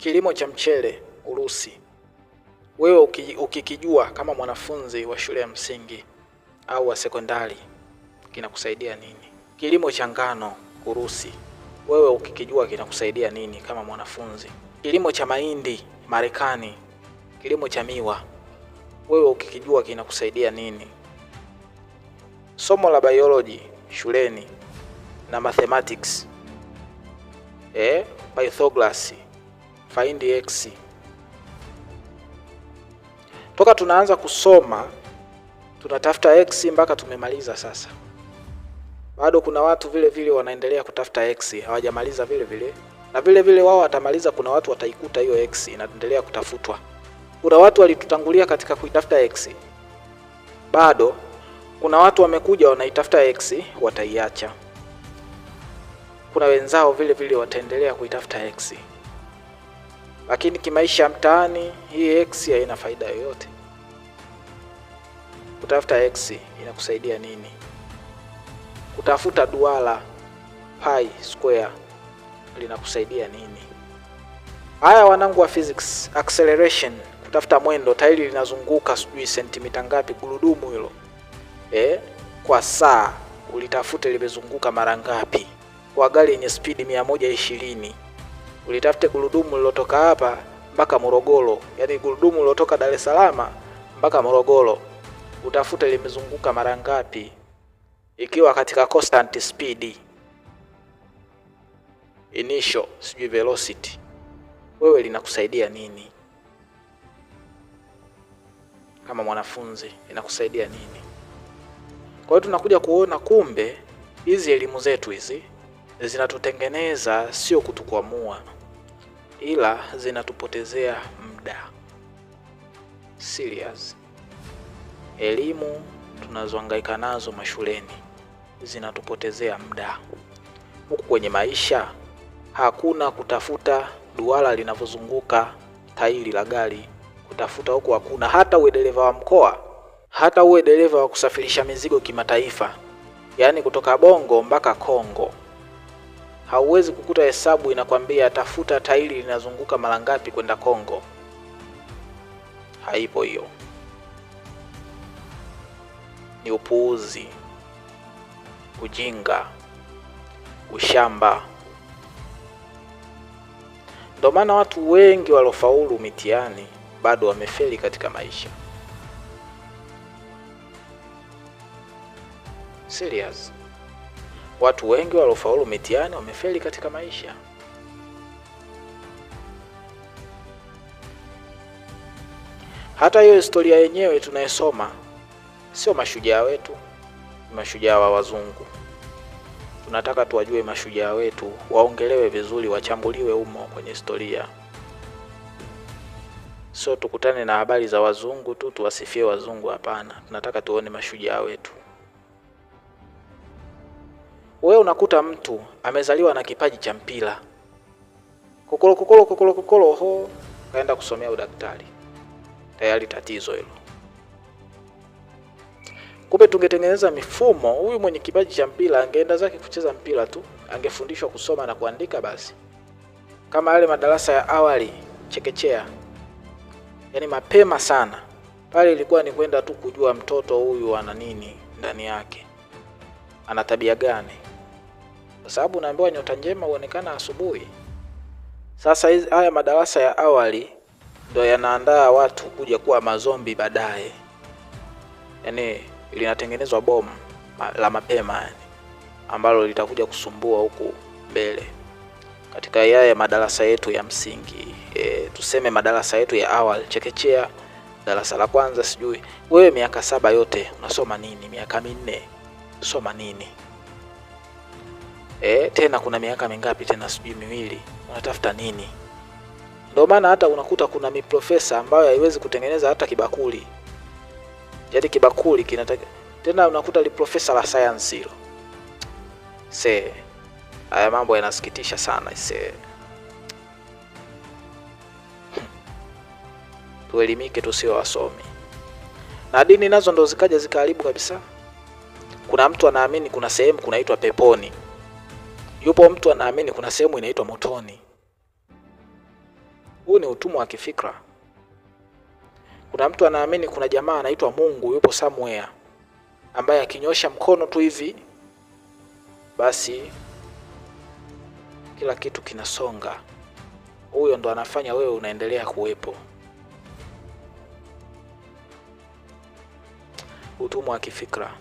kilimo cha mchele Urusi, wewe ukikijua kama mwanafunzi wa shule ya msingi au wa sekondari kinakusaidia nini? Kilimo cha ngano Urusi, wewe ukikijua kinakusaidia nini kama mwanafunzi? Kilimo cha mahindi Marekani, kilimo cha miwa, wewe ukikijua kinakusaidia nini? Somo la biology shuleni na mathematics, eh, Pythagoras find x. Toka tunaanza kusoma tunatafuta x mpaka tumemaliza. Sasa bado kuna watu vile vile wanaendelea kutafuta x, hawajamaliza vile vile, na vile vile wao watamaliza. Kuna watu wataikuta hiyo x inaendelea kutafutwa. Kuna watu walitutangulia katika kuitafuta x, bado kuna watu wamekuja wanaitafuta x, wataiacha. Kuna wenzao vile vile wataendelea kuitafuta x lakini kimaisha mtaani hii x haina faida yoyote. Kutafuta x inakusaidia nini? Kutafuta duara pi square linakusaidia nini? Haya wanangu wa physics, acceleration, kutafuta mwendo, tairi linazunguka sijui sentimita ngapi, gurudumu hilo eh, kwa saa ulitafute limezunguka mara ngapi, kwa gari yenye spidi mia moja ishirini ulitafute gurudumu lilotoka hapa mpaka Morogoro, yaani gurudumu lilotoka Dar es Salaam mpaka Morogoro, utafute limezunguka mara ngapi ikiwa katika constant speed initial sijui velocity, wewe linakusaidia nini kama mwanafunzi, inakusaidia nini? Kwa hiyo tunakuja kuona kumbe hizi elimu zetu hizi zinatutengeneza, sio kutukwamua ila zinatupotezea muda serious. Elimu tunazohangaika nazo mashuleni zinatupotezea muda. Huku kwenye maisha hakuna kutafuta duara linavyozunguka tairi la gari, kutafuta huku hakuna. Hata uwe dereva wa mkoa, hata uwe dereva wa kusafirisha mizigo kimataifa, yaani kutoka Bongo mpaka Kongo hauwezi kukuta hesabu inakwambia tafuta tairi linazunguka mara ngapi kwenda Kongo. Haipo hiyo, ni upuuzi, ujinga, ushamba. Ndio maana watu wengi waliofaulu mitihani bado wamefeli katika maisha. Serious. Watu wengi waliofaulu mitihani wamefeli katika maisha. Hata hiyo historia yenyewe tunayesoma sio mashujaa wetu, ni mashujaa wa wazungu. Tunataka tuwajue mashujaa wetu, waongelewe vizuri, wachambuliwe humo kwenye historia, sio tukutane na habari za wazungu tu tuwasifie wazungu. Hapana, tunataka tuone mashujaa wetu wewe unakuta mtu amezaliwa na kipaji cha mpira, kokolo kokolo kokolo kokolo, ho kaenda kusomea udaktari, tayari tatizo hilo. Kumbe tungetengeneza mifumo, huyu mwenye kipaji cha mpira angeenda zake kucheza mpira tu, angefundishwa kusoma na kuandika, basi kama yale madarasa ya awali chekechea, yaani mapema sana pale, ilikuwa ni kwenda tu kujua mtoto huyu ana nini ndani yake, ana tabia gani kwa sababu unaambiwa nyota njema huonekana asubuhi. Sasa haya madarasa ya awali ndo yanaandaa watu kuja kuwa mazombi baadaye, yaani linatengenezwa bomu la mapema yani, ambalo litakuja kusumbua huku mbele katika yaya madarasa yetu ya msingi e, tuseme madarasa yetu ya awali chekechea, darasa la kwanza, sijui wewe miaka saba yote unasoma nini? Miaka minne soma nini? eh, tena kuna miaka mingapi tena, sijui miwili, unatafuta nini? Ndio maana hata unakuta kuna miprofesa ambayo haiwezi kutengeneza hata kibakuli, yaani kibakuli kinataka tena, unakuta li profesa la sayansi hilo. Se haya mambo yanasikitisha sana se. Tuelimike, tusio wasomi na dini nazo ndo zikaja zikaharibu kabisa. Kuna mtu anaamini kuna sehemu kunaitwa peponi. Yupo mtu anaamini kuna sehemu inaitwa motoni. Huu ni utumwa wa kifikra. Kuna mtu anaamini kuna jamaa anaitwa Mungu yupo somewhere, ambaye akinyosha mkono tu hivi basi kila kitu kinasonga. Huyo ndo anafanya wewe unaendelea kuwepo. Utumwa wa kifikra.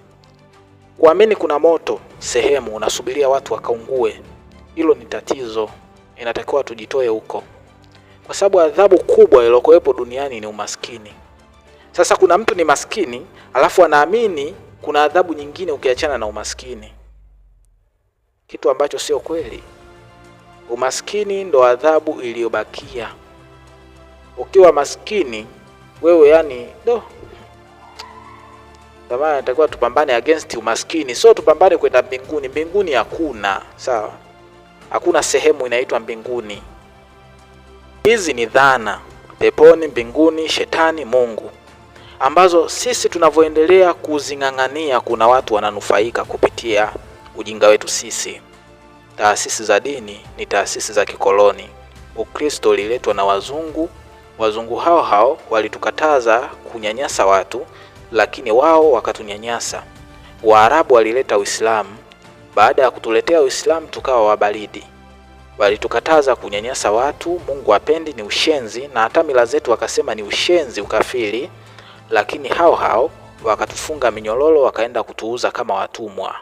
Kuamini kuna moto sehemu unasubiria watu wakaungue, hilo ni tatizo, inatakiwa tujitoe huko, kwa sababu adhabu kubwa iliyokuwepo duniani ni umaskini. Sasa kuna mtu ni maskini alafu anaamini kuna adhabu nyingine ukiachana na umaskini, kitu ambacho sio kweli. Umaskini ndo adhabu iliyobakia. Ukiwa maskini wewe, yani do kwa maana natakiwa tupambane against umaskini, sio tupambane kwenda mbinguni. Mbinguni hakuna sawa, hakuna sehemu inaitwa mbinguni. Hizi ni dhana: peponi, mbinguni, shetani, Mungu, ambazo sisi tunavyoendelea kuzing'ang'ania, kuna watu wananufaika kupitia ujinga wetu sisi. Taasisi za dini ni taasisi za kikoloni. Ukristo uliletwa na wazungu. Wazungu hao hao walitukataza kunyanyasa watu lakini wao wakatunyanyasa. Waarabu walileta Uislamu, baada ya kutuletea Uislamu tukawa wabaridi. Walitukataza kunyanyasa watu, Mungu apendi, ni ushenzi, na hata mila zetu wakasema ni ushenzi, ukafiri. Lakini hao hao wakatufunga minyororo, wakaenda kutuuza kama watumwa.